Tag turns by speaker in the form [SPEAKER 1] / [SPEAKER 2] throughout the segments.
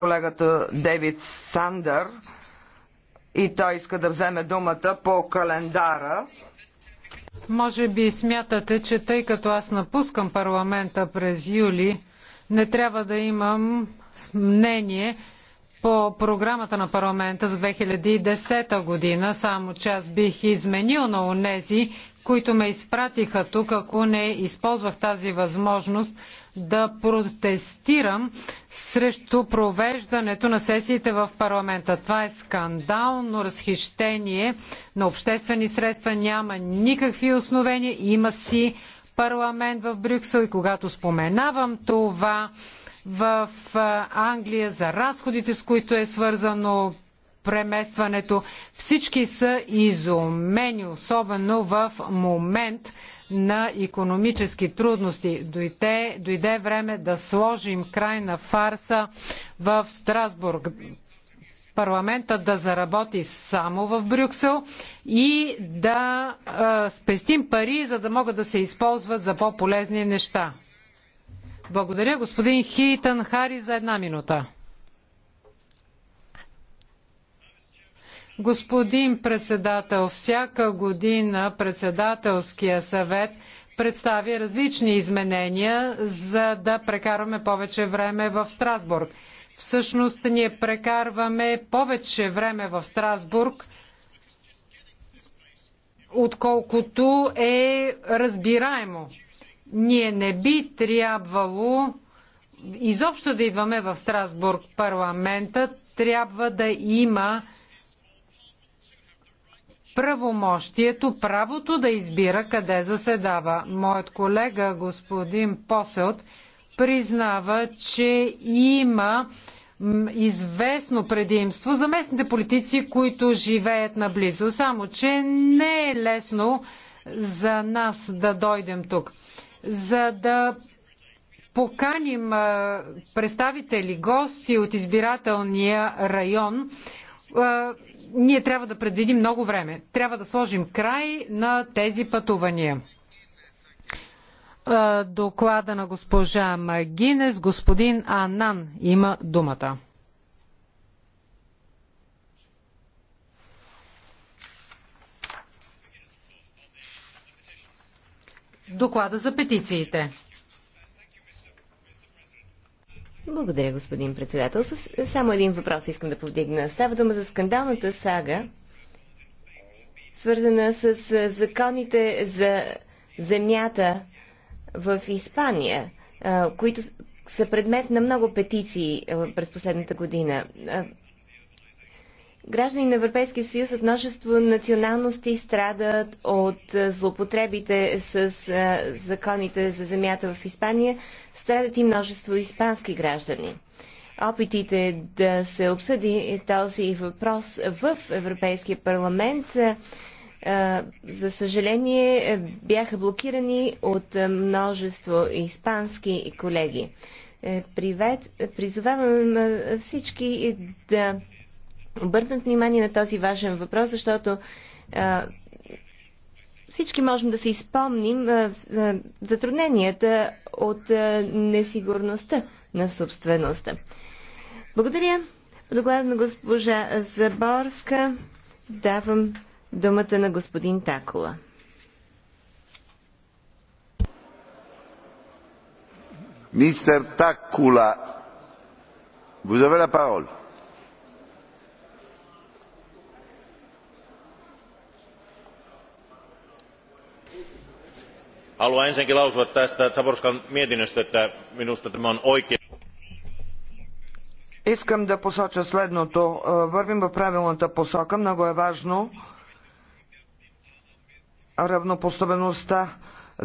[SPEAKER 1] колегата Дейвид Сандър и той иска да вземе думата по календара.
[SPEAKER 2] Може би смятате, че тъй като аз напускам парламента през юли, не трябва да имам мнение по програмата на парламента за 2010 година, само че аз бих изменил на онези, които ме изпратиха тук, ако не използвах тази възможност да протестирам срещу провеждането на сесиите в парламента. Това е скандално разхищение на обществени средства. Няма никакви основения. Има си парламент в Брюксел и когато споменавам това в Англия за разходите, с които е свързано преместването, всички са изумени, особено в момент, на економически трудности. Дойде, дойде време да сложим край на фарса в Страсбург парламента да заработи само в Брюксел и да е, спестим пари, за да могат да се използват за по-полезни неща. Благодаря господин Хейтън Хари за една минута. Господин председател, всяка година председателския съвет представя различни изменения, за да прекараме повече време в Страсбург. Всъщност ние прекарваме повече време в Страсбург, отколкото е разбираемо. Ние не би трябвало изобщо да идваме в Страсбург. Парламента трябва да има правомощието, правото да избира къде заседава. Моят колега, господин Поселт, признава, че има известно предимство за местните политици, които живеят наблизо. Само, че не е лесно за нас да дойдем тук. За да поканим представители, гости от избирателния район, ние трябва да предвидим много време. Трябва да сложим край на тези пътувания. Доклада на госпожа Магинес, господин Анан има думата. Доклада за петициите.
[SPEAKER 3] Благодаря, господин председател. Само един въпрос искам да повдигна. Става дума за скандалната сага, свързана с законите за земята в Испания, които са предмет на много петиции през последната година граждани на Европейския съюз от множество националности страдат от злопотребите с законите за земята в Испания, страдат и множество испански граждани. Опитите да се обсъди този въпрос в Европейския парламент, за съжаление, бяха блокирани от множество испански колеги. Е, привет, призовавам всички да обърнат внимание на този важен въпрос, защото а, всички можем да се изпомним а, а, затрудненията от а, несигурността на собствеността. Благодаря. По доклада на госпожа Заборска давам думата на господин Такола.
[SPEAKER 2] Мистер Такула, vous avez la haluan ensinnäkin lausua tästä zborsan mietinnöstä että minusta tämä on oikea
[SPEAKER 1] Искам да посоча следното. Е, вървим в правилната посока. Много е важно равнопоставеността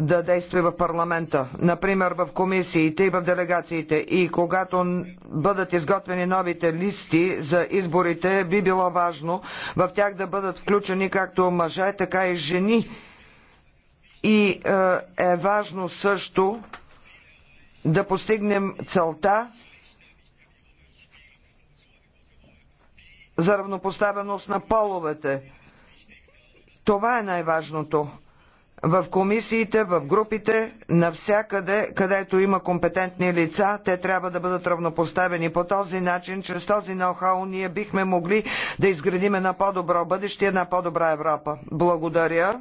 [SPEAKER 1] да действа в парламента, например в комисиите и в делегациите. И когато бъдат изготвени новите листи за изборите, би било важно в тях да бъдат включени както мъже, така и жени и е, е важно също да постигнем целта за равнопоставеност на половете. Това е най-важното. В комисиите, в групите, навсякъде, където има компетентни лица, те трябва да бъдат равнопоставени. По този начин, чрез този ноу-хау, ние бихме могли да изградим една по-добро бъдеще, една по-добра Европа. Благодаря.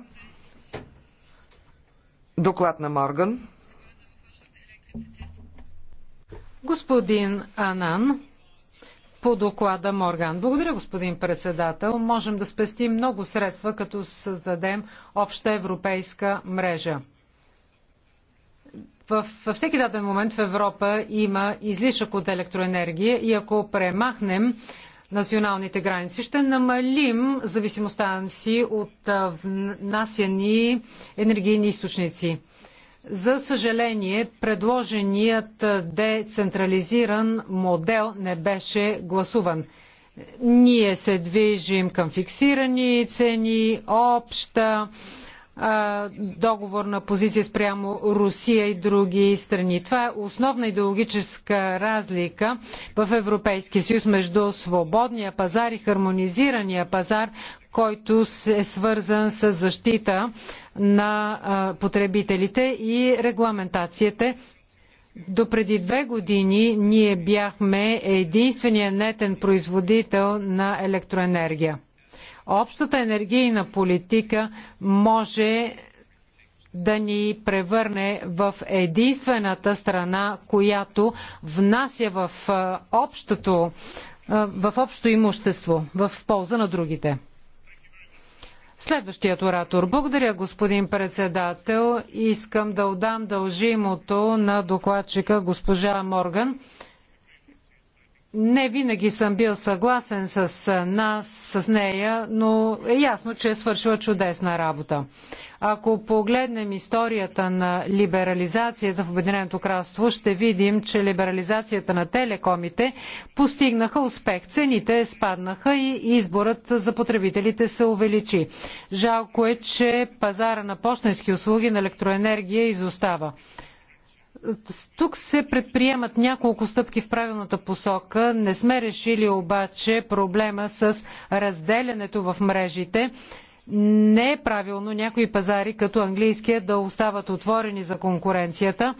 [SPEAKER 1] Доклад на Морган.
[SPEAKER 2] Господин Анан, по доклада Морган. Благодаря, господин председател. Можем да спестим много средства, като създадем обща европейска мрежа. Във всеки даден момент в Европа има излишък от електроенергия и ако премахнем националните граници. Ще намалим зависимостта си от внасяни енергийни източници. За съжаление, предложеният децентрализиран модел не беше гласуван. Ние се движим към фиксирани цени, обща договорна позиция спрямо Русия и други страни. Това е основна идеологическа разлика в Европейския съюз между свободния пазар и хармонизирания пазар, който е свързан с защита на потребителите и регламентациите. До преди две години ние бяхме единствения нетен производител на електроенергия. Общата енергийна политика може да ни превърне в единствената страна, която внася в общото, в общо имущество, в полза на другите. Следващият оратор. Благодаря, господин председател. Искам да отдам дължимото на докладчика госпожа Морган не винаги съм бил съгласен с нас, с нея, но е ясно, че е свършила чудесна работа. Ако погледнем историята на либерализацията в Обединеното кралство, ще видим, че либерализацията на телекомите постигнаха успех. Цените спаднаха и изборът за потребителите се увеличи. Жалко е, че пазара на почтенски услуги на електроенергия изостава. Тук се предприемат няколко стъпки в правилната посока. Не сме решили обаче проблема с разделянето в мрежите. Не е правилно някои пазари, като английския, да остават отворени за конкуренцията.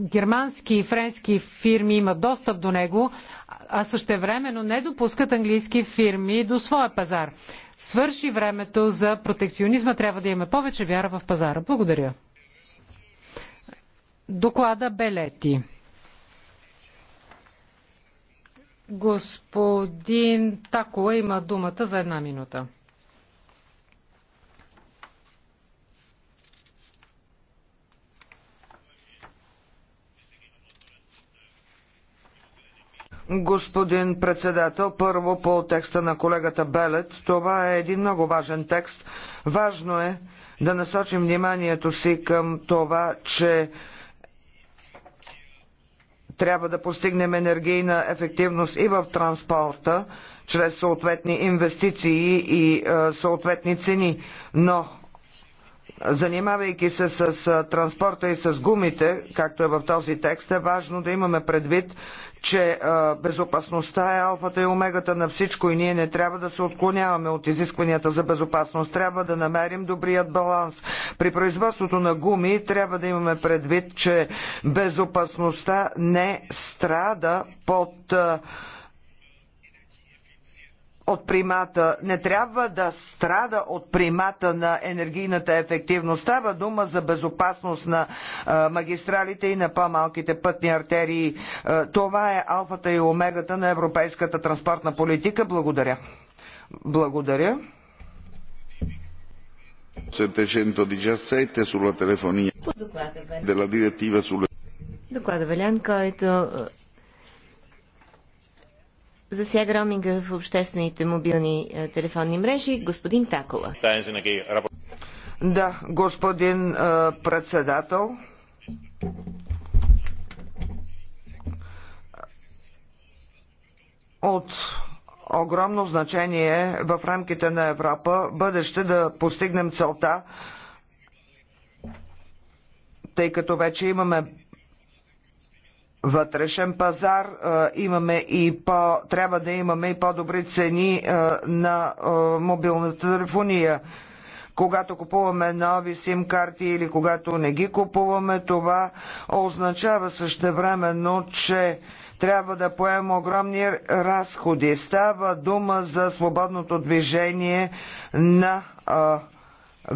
[SPEAKER 2] Германски и френски фирми имат достъп до него, а същевременно не допускат английски фирми до своя пазар. Свърши времето за протекционизма. Трябва да имаме повече вяра в пазара. Благодаря. Доклада Белети. Господин Такова има думата за една минута.
[SPEAKER 1] Господин председател, първо по текста на колегата Белет. Това е един много важен текст. Важно е да насочим вниманието си към това, че трябва да постигнем енергийна ефективност и в транспорта, чрез съответни инвестиции и е, съответни цени. Но занимавайки се с е, транспорта и с гумите, както е в този текст, е важно да имаме предвид, че а, безопасността е алфата и омегата на всичко и ние не трябва да се отклоняваме от изискванията за безопасност. Трябва да намерим добрият баланс. При производството на гуми трябва да имаме предвид, че безопасността не страда под а, от примата, не трябва да страда от примата на енергийната ефективност. Става дума за безопасност на магистралите и на по-малките пътни артерии. това е алфата и омегата на европейската транспортна политика. Благодаря. Благодаря. 717 sulla telefonia della direttiva sulle...
[SPEAKER 3] Доклада който засяга роминга в обществените мобилни е, телефонни мрежи. Господин Такола.
[SPEAKER 1] Да, господин е, председател. От огромно значение в рамките на Европа бъдеще да постигнем целта, тъй като вече имаме вътрешен пазар, е, имаме и по, трябва да имаме и по-добри цени е, на е, мобилната телефония. Когато купуваме нови сим карти или когато не ги купуваме, това означава същевременно, че трябва да поема огромни разходи. Става дума за свободното движение на а,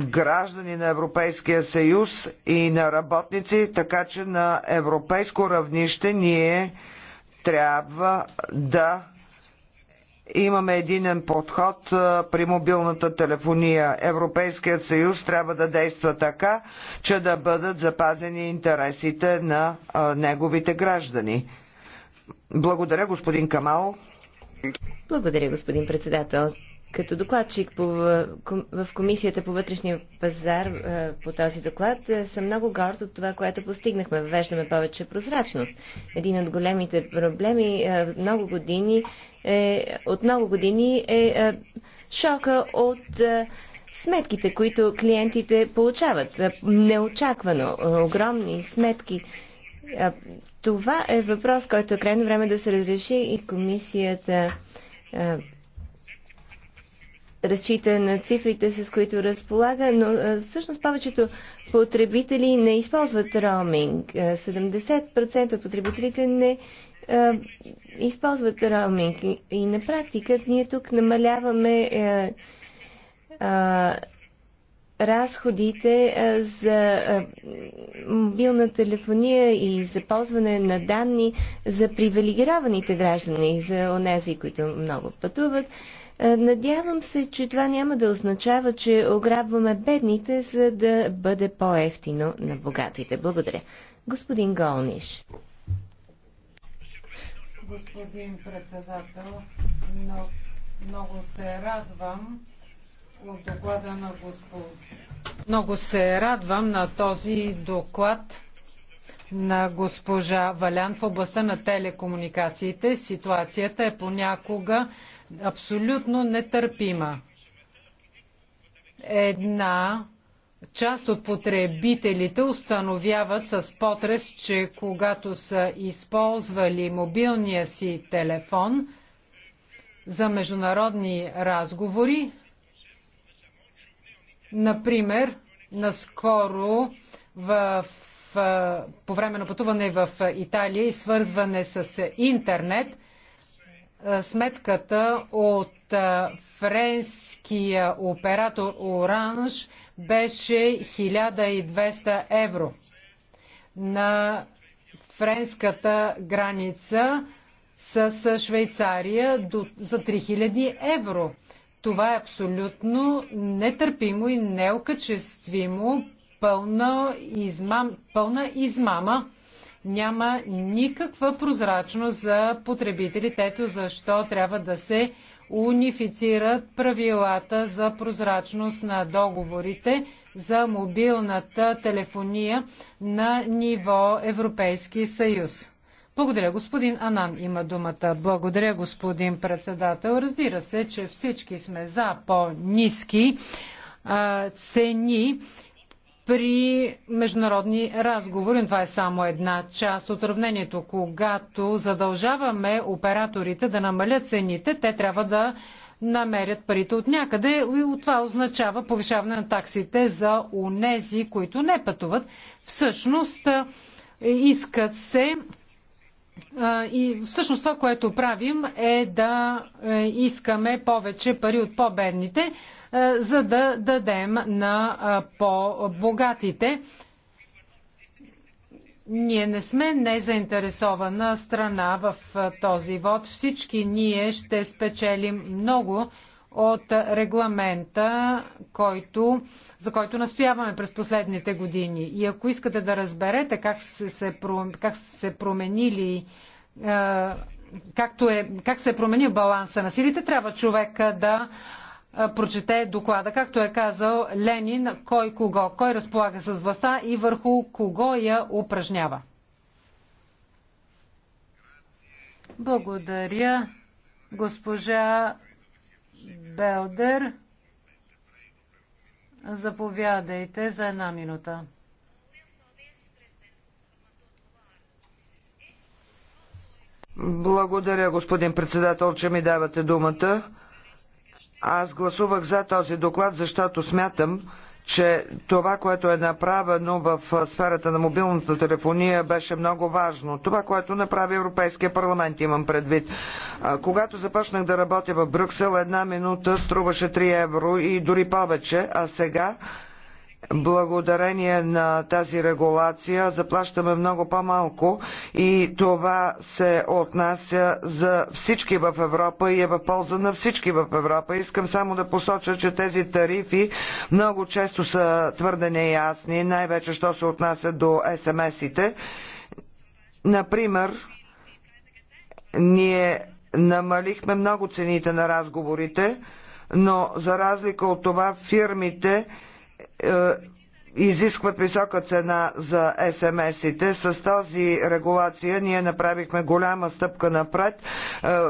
[SPEAKER 1] граждани на Европейския съюз и на работници, така че на европейско равнище ние трябва да имаме единен подход при мобилната телефония. Европейският съюз трябва да действа така, че да бъдат запазени интересите на неговите граждани. Благодаря, господин
[SPEAKER 3] Камал. Благодаря, господин председател. Като докладчик по, в Комисията по вътрешния пазар е, по този доклад е, съм много горд от това, което постигнахме. Въвеждаме повече прозрачност. Един от големите проблеми е, много години е, от много години е шока от сметките, които клиентите получават. Неочаквано огромни сметки. Това е въпрос, който е крайно време да се разреши и комисията разчита на цифрите, с които разполага, но всъщност повечето потребители не използват роуминг. 70% от потребителите не използват роуминг. И, на практика ние тук намаляваме разходите за мобилна телефония и за ползване на данни за привилегированите граждани, за онези, които много пътуват, е, надявам се, че това няма да означава, че ограбваме бедните, за да бъде по-ефтино на богатите. Благодаря. Господин Голниш.
[SPEAKER 2] Господин председател, но много се радвам от доклада на госпожа. Много се радвам на този доклад на госпожа Валян в областта на телекомуникациите. Ситуацията е понякога абсолютно нетърпима. Една част от потребителите установяват с потрес, че когато са използвали мобилния си телефон за международни разговори, например, наскоро в, в, по време на пътуване в Италия и свързване с интернет, е, сметката от е, френския оператор Оранж беше 1200 евро. На френската граница с Швейцария за 3000 евро. Това е абсолютно нетърпимо и неокачествимо, пълна, измам, пълна измама няма никаква прозрачност за потребителите. Ето защо трябва да се унифицират правилата за прозрачност на договорите за мобилната телефония на ниво Европейски съюз. Благодаря, господин Анан има думата. Благодаря, господин председател. Разбира се, че всички сме за по-низки цени при международни разговори. Това е само една част от равнението. Когато задължаваме операторите да намалят цените, те трябва да намерят парите от някъде и от това означава повишаване на таксите за унези, които не пътуват. Всъщност искат се и всъщност това, което правим е да е, искаме повече пари от по-бедните, е, за да дадем на е, по-богатите. Ние не сме незаинтересована страна в е, този вод. Всички ние ще спечелим много от регламента, който, за който настояваме през последните години. И ако искате да разберете как се, се, как се променили както е, как се е променил баланса на силите, трябва човек да прочете доклада. Както е казал Ленин, кой кого, кой разполага с властта и върху кого я упражнява. Благодаря, госпожа Белдер. Заповядайте за една минута.
[SPEAKER 1] Благодаря, господин председател, че ми давате думата. Аз гласувах за този доклад, защото смятам, че това, което е направено в сферата на мобилната телефония беше много важно. Това, което направи Европейския парламент, имам предвид. Когато започнах да работя в Брюксел, една минута струваше 3 евро и дори повече, а сега благодарение на тази регулация заплащаме много по-малко и това се отнася за всички в Европа и е в полза на всички в Европа. Искам само да посоча, че тези тарифи много често са твърде неясни, най-вече що се отнася до СМС-ите. Например, ние намалихме много цените на разговорите, но за разлика от това фирмите е, изискват висока цена за СМС-ите. С тази регулация ние направихме голяма стъпка напред е,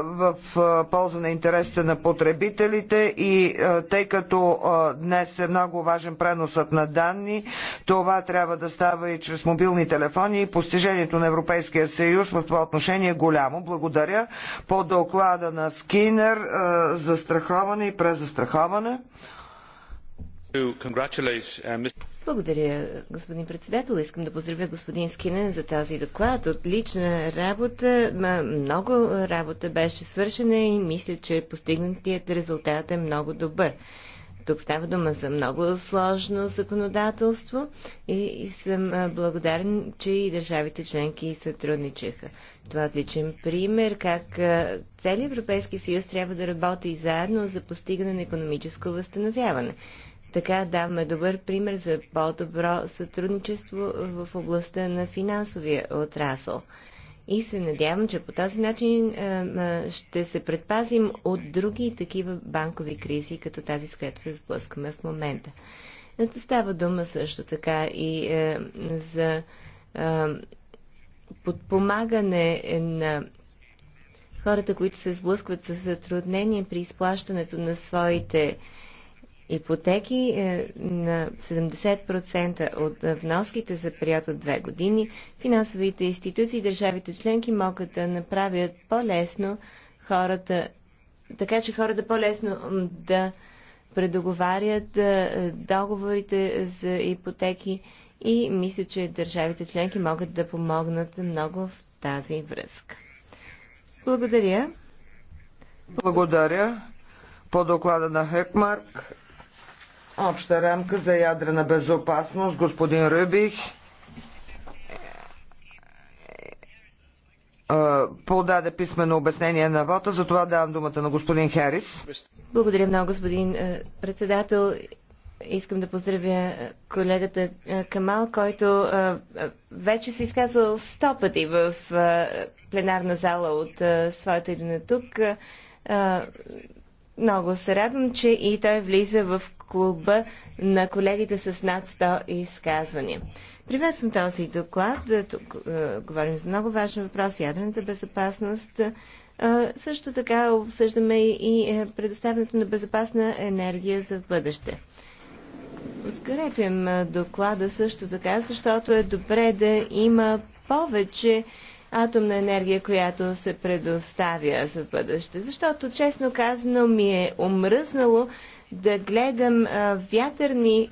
[SPEAKER 1] в е, полза на интересите на потребителите и тъй като днес е много важен преносът на данни, това трябва да става и чрез мобилни телефони и постижението на Европейския съюз в това отношение е голямо. Благодаря по доклада на Скинер за страховане и презастраховане. Uh,
[SPEAKER 3] Благодаря, господин председател. Искам да поздравя господин Скинен за този доклад. Отлична работа. Много работа беше свършена и мисля, че постигнатият резултат е много добър. Тук става дума за много сложно законодателство и съм благодарен, че и държавите членки сътрудничаха. Това е отличен пример как целият Европейски съюз трябва да работи заедно за постигане на економическо възстановяване. Така даваме добър пример за по-добро сътрудничество в областта на финансовия отрасъл. И се надявам, че по този начин е, е, ще се предпазим от други такива банкови кризи, като тази, с която се сблъскаме в момента. Е, става дума също така и е, за е, подпомагане на хората, които се сблъскват с затруднение при изплащането на своите ипотеки е, на 70% от вноските за период от две години, финансовите институции и държавите членки могат да направят по-лесно хората, така че хората по-лесно да предоговарят е, договорите за ипотеки и мисля, че държавите членки могат да помогнат много в тази връзка. Благодаря. Благодаря по доклада на Хекмарк
[SPEAKER 1] Обща рамка за ядрена безопасност, господин Рюбих. Е, подаде писмено обяснение на вота, затова давам думата на господин Херис.
[SPEAKER 3] Благодаря много, господин е, председател. Искам да поздравя е, колегата Камал, който вече се изказал сто пъти в пленарна зала от своята идване тук. Много се радвам, че и той влиза в клуба на колегите с над 100 изказвания. Приветствам този доклад. Тук е, говорим за много важен въпрос ядрената безопасност. Е, също така обсъждаме и е, предоставянето на безопасна енергия за бъдеще. Открепям е, доклада също така, защото е добре да има повече атомна енергия, която се предоставя за бъдеще. Защото, честно казано, ми е омръзнало да гледам а, вятърни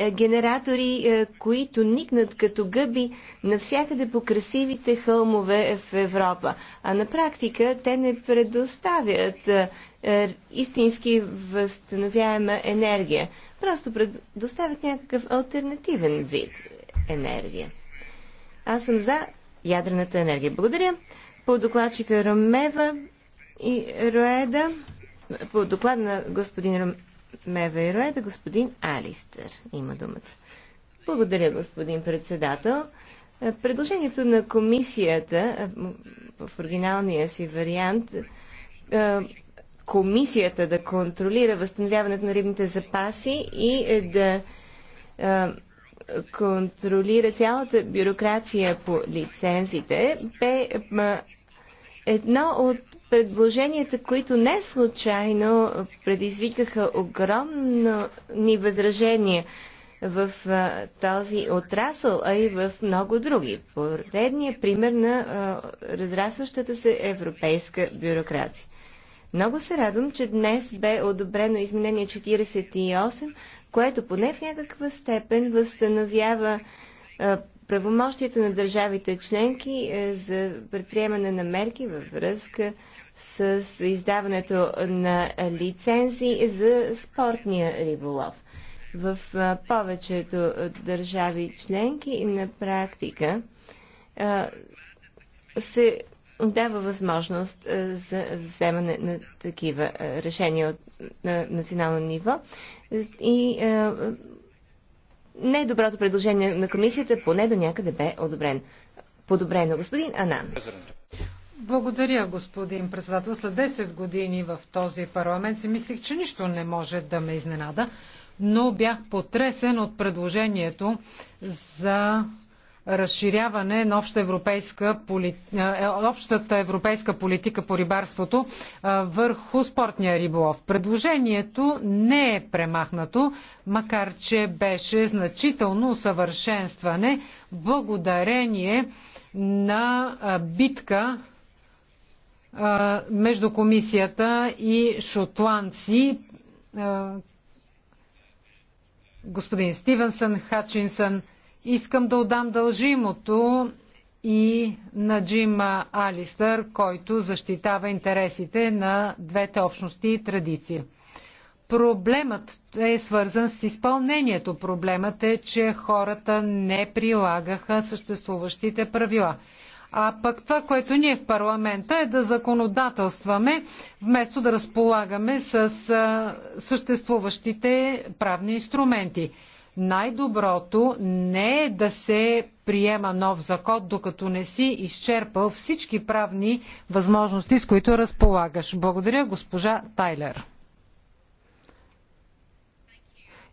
[SPEAKER 3] а, генератори, а, които никнат като гъби навсякъде по красивите хълмове в Европа. А на практика те не предоставят а, а, истински възстановяема енергия. Просто предоставят някакъв альтернативен вид енергия. Аз съм за ядрената енергия. Благодаря. По докладчика Ромева и Роеда, по доклад на господин Ромева и Роеда, господин Алистър има думата. Благодаря, господин председател. Предложението на комисията в оригиналния си вариант комисията да контролира възстановяването на рибните запаси и е да контролира цялата бюрокрация по лицензите, бе едно от предложенията, които не случайно предизвикаха огромно ни възражения в този отрасъл, а и в много други. Поредният пример на разрастващата се европейска бюрокрация. Много се радвам, че днес бе одобрено изменение 48, което поне в някаква степен възстановява правомощията на държавите членки е, за предприемане на мерки във връзка с издаването на лицензии за спортния риболов. В повечето държави членки на практика се дава възможност е, за вземане на такива е, решения от, на национално ниво. И е, е, доброто предложение на комисията поне до някъде бе одобрен. Подобрено, господин Анан.
[SPEAKER 2] Благодаря, господин председател. След 10 години в този парламент си мислих, че нищо не може да ме изненада, но бях потресен от предложението за разширяване на обща европейска е, е, общата европейска политика по рибарството е, върху спортния риболов. Предложението не е премахнато, макар че беше значително усъвършенстване благодарение на битка между комисията и шотландци господин Стивенсън, Хачинсън, Искам да отдам дължимото и на Джим Алистър, който защитава интересите на двете общности и традиции. Проблемът е свързан с изпълнението. Проблемът е, че хората не прилагаха съществуващите правила. А пък това, което ние в парламента е да законодателстваме, вместо да разполагаме с съществуващите правни инструменти. Най-доброто не е да се приема нов закон, докато не си изчерпал всички правни възможности, с които разполагаш. Благодаря, госпожа Тайлер.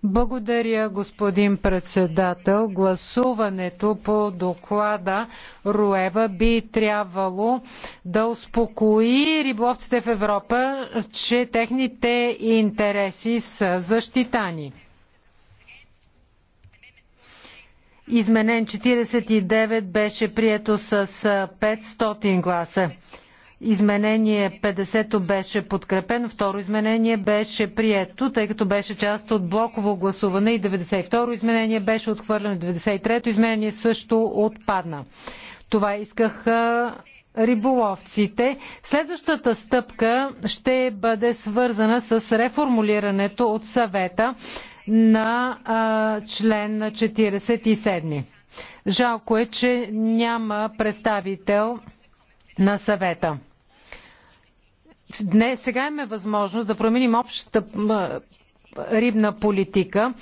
[SPEAKER 2] Благодаря, господин председател. Гласуването по доклада Руева би трябвало да успокои риболовците в Европа, че техните интереси са защитани. Изменен 49 беше прието с 500 гласа. Изменение 50 беше подкрепено, второ изменение беше прието, тъй като беше част от блоково гласуване и 92-ро изменение беше отхвърлено, 93-то изменение също отпадна. Това искаха риболовците. Следващата стъпка ще бъде свързана с реформулирането от съвета на а, член 47. Жалко е, че няма представител на съвета. Днес, сега имаме възможност да променим общата рибна политика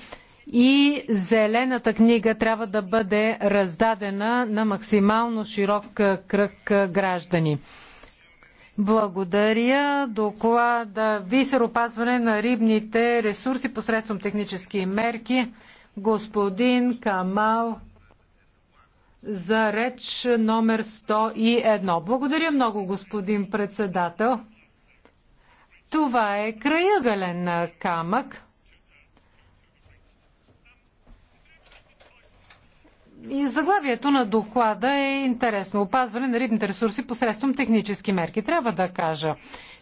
[SPEAKER 2] и зелената книга трябва да бъде раздадена на максимално широк кръг граждани. Благодаря. Доклада Висер опазване на рибните ресурси посредством технически мерки. Господин Камал за реч номер 101. Благодаря много, господин председател. Това е краягален камък И заглавието на доклада е интересно. Опазване на рибните ресурси посредством технически мерки. Трябва да кажа,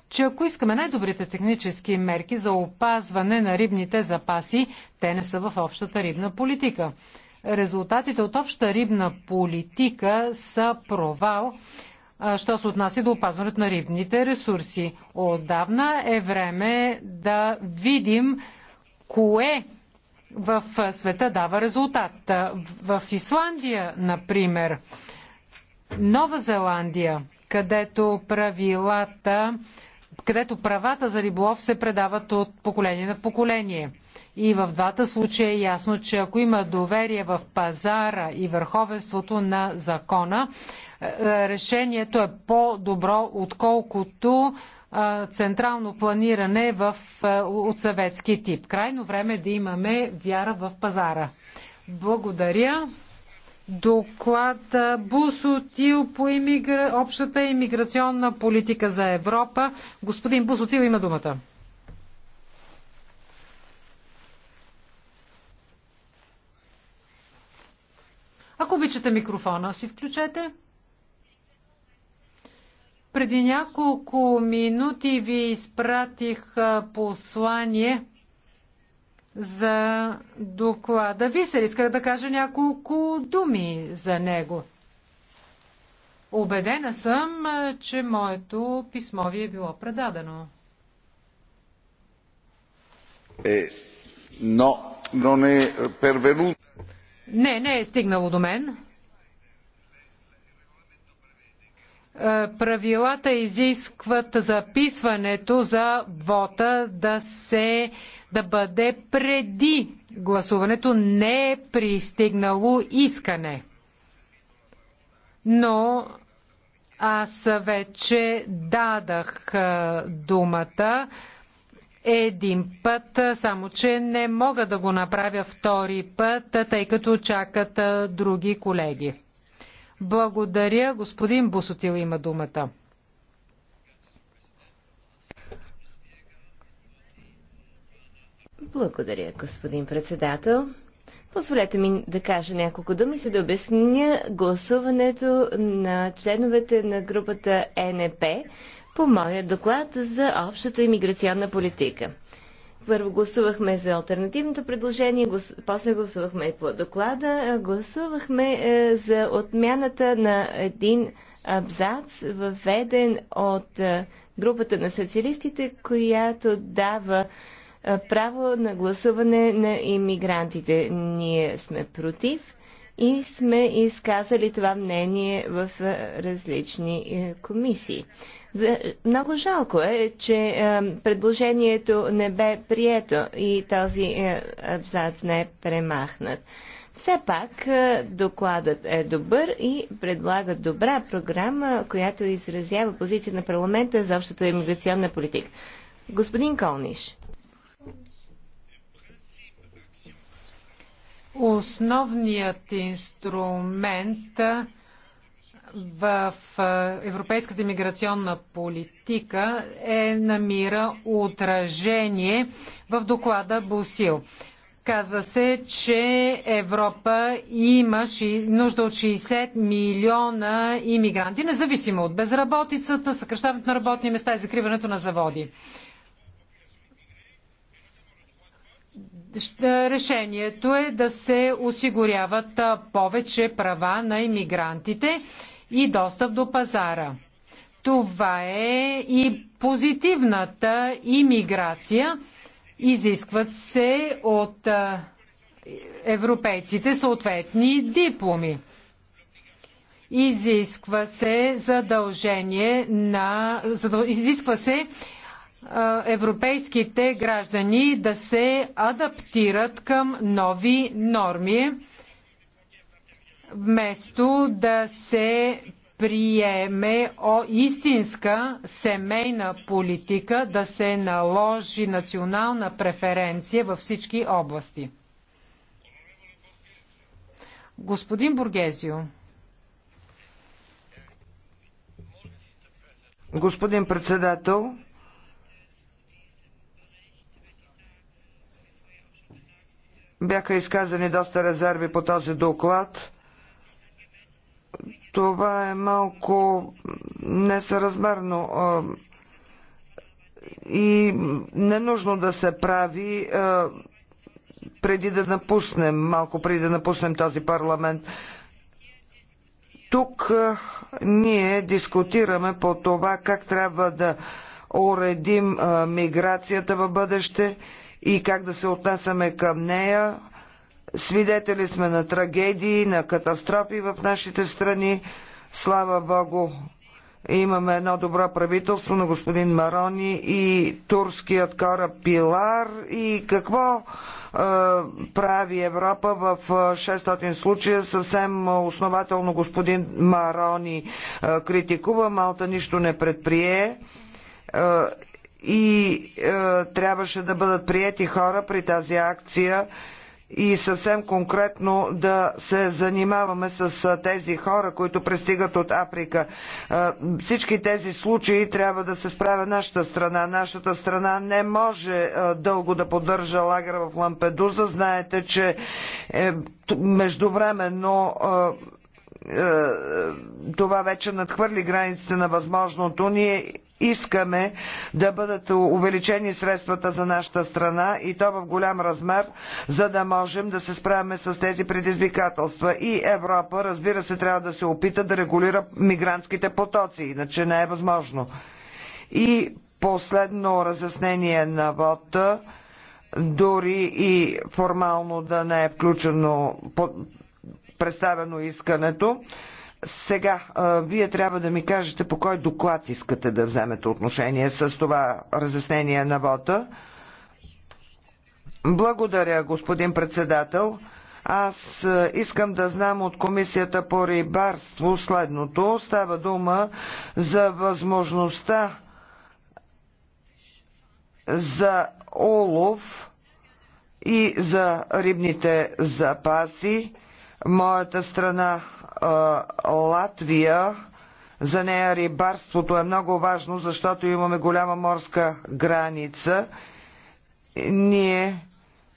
[SPEAKER 2] че ако искаме най-добрите технически мерки за опазване на рибните запаси, те не са в общата рибна политика. Резултатите от обща рибна политика са провал, що се отнася до опазването на рибните ресурси. Отдавна е време да видим кое в света дава резултат. В Исландия, например, Нова Зеландия, където правилата където правата за риболов се предават от поколение на поколение. И в двата случая е ясно, че ако има доверие в пазара и върховенството на закона, е, е, решението е по-добро, отколкото централно планиране в, от съветски тип. Крайно време е да имаме вяра в пазара. Благодаря. Доклад Бусотил по имигра... общата имиграционна политика за Европа. Господин Бусотил има думата. Ако обичате микрофона си, включете. Преди няколко минути ви изпратих послание за доклада Висер. Исках да кажа няколко думи за него. Обедена съм, че моето писмо ви е било предадено.
[SPEAKER 1] Е, но, но не е первенут.
[SPEAKER 2] Не, не е стигнало до мен. Е, правилата изискват записването за вота да се да бъде преди гласуването, не е пристигнало искане. Но аз вече дадах е, думата един път, само че не мога да го направя втори път, тъй като чакат е, други колеги. Благодаря. Господин Бусотил има думата.
[SPEAKER 3] Благодаря, господин председател. Позволете ми да кажа няколко думи, за да обясня гласуването на членовете на групата НП по моя доклад за общата иммиграционна политика. Първо гласувахме за альтернативното предложение, глас... после гласувахме по доклада, е, гласувахме е, за отмяната на един абзац, въведен от е, групата на социалистите, която дава е, право на гласуване на иммигрантите. Ние сме против и сме изказали това мнение в е, различни е, комисии много жалко е, че е, предложението не бе прието и този е, абзац не е премахнат. Все пак е, докладът е добър и предлага добра програма, която изразява позиция на парламента за общата иммиграционна политика. Господин Колниш.
[SPEAKER 2] Основният инструмент в европейската миграционна политика е намира отражение в доклада Босил. Казва се, че Европа има нужда от 60 милиона иммигранти, независимо от безработицата, съкръщаването на работни места и закриването на заводи. решението е да се осигуряват повече права на иммигрантите и достъп до пазара. Това е и позитивната имиграция. Изискват се от европейците съответни дипломи. Изисква се задължение на... Изисква се европейските граждани да се адаптират към нови норми вместо да се приеме о истинска семейна политика да се наложи национална преференция във всички области. Господин Бургезио.
[SPEAKER 1] Господин председател, бяха изказани доста резерви по този доклад това е малко несъразмерно и не нужно да се прави преди да напуснем, малко преди да напуснем този парламент. Тук ние дискутираме по това как трябва да уредим миграцията в бъдеще и как да се отнасяме към нея Свидетели сме на трагедии, на катастрофи в нашите страни. Слава Богу, имаме едно добро правителство на господин Марони и турският кораб Пилар. И какво е, прави Европа в 600 е, случая? Съвсем основателно господин Марони е, критикува, Малта нищо не предприе. Е, и е, трябваше да бъдат приети хора при тази акция и съвсем конкретно да се занимаваме с тези хора, които пристигат от Африка. Всички тези случаи трябва да се справя нашата страна. Нашата страна не може дълго да поддържа лагера в Лампедуза. Знаете, че е, междувременно е, е, това вече надхвърли границите на възможното. Ние искаме да бъдат увеличени средствата за нашата страна и то в голям размер, за да можем да се справяме с тези предизвикателства. И Европа, разбира се, трябва да се опита да регулира мигрантските потоци, иначе не е възможно. И последно разяснение на вода, дори и формално да не е включено представено искането. Сега, вие трябва да ми кажете по кой доклад искате да вземете отношение с това разяснение на вота. Благодаря, господин председател. Аз искам да знам от Комисията по рибарство следното. Става дума за възможността за олов и за рибните запаси. Моята страна Латвия за нея рибарството е много важно, защото имаме голяма морска граница. Ние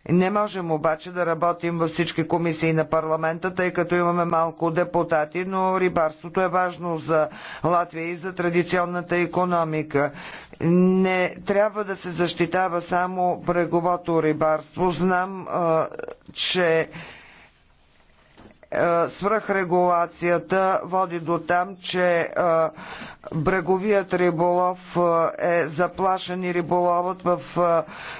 [SPEAKER 1] не можем обаче да работим във всички комисии на парламента, тъй като имаме малко депутати, но рибарството е важно за Латвия и за традиционната економика. Не трябва да се защитава само бреговото рибарство. Знам, че е, свръхрегулацията води до там, че е, бреговият риболов е, е заплашен и риболовът в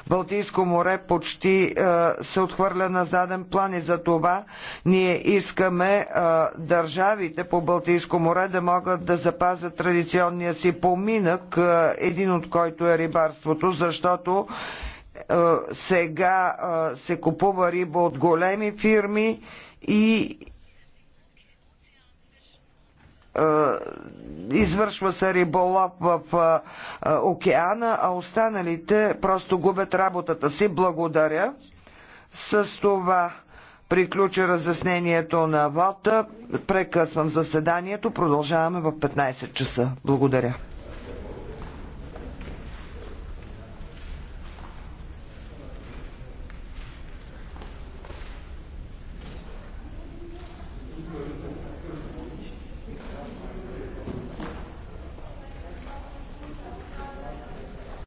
[SPEAKER 1] Балтийско море почти се отхвърля на заден план и за това ние искаме държавите по Балтийско море да могат да запазят традиционния си поминък, един от който е рибарството, защото сега се купува риба от големи фирми, и извършва се риболов в океана, а останалите просто губят работата си. Благодаря. С това приключи разяснението на ВОТА. Прекъсвам заседанието. Продължаваме в 15 часа. Благодаря.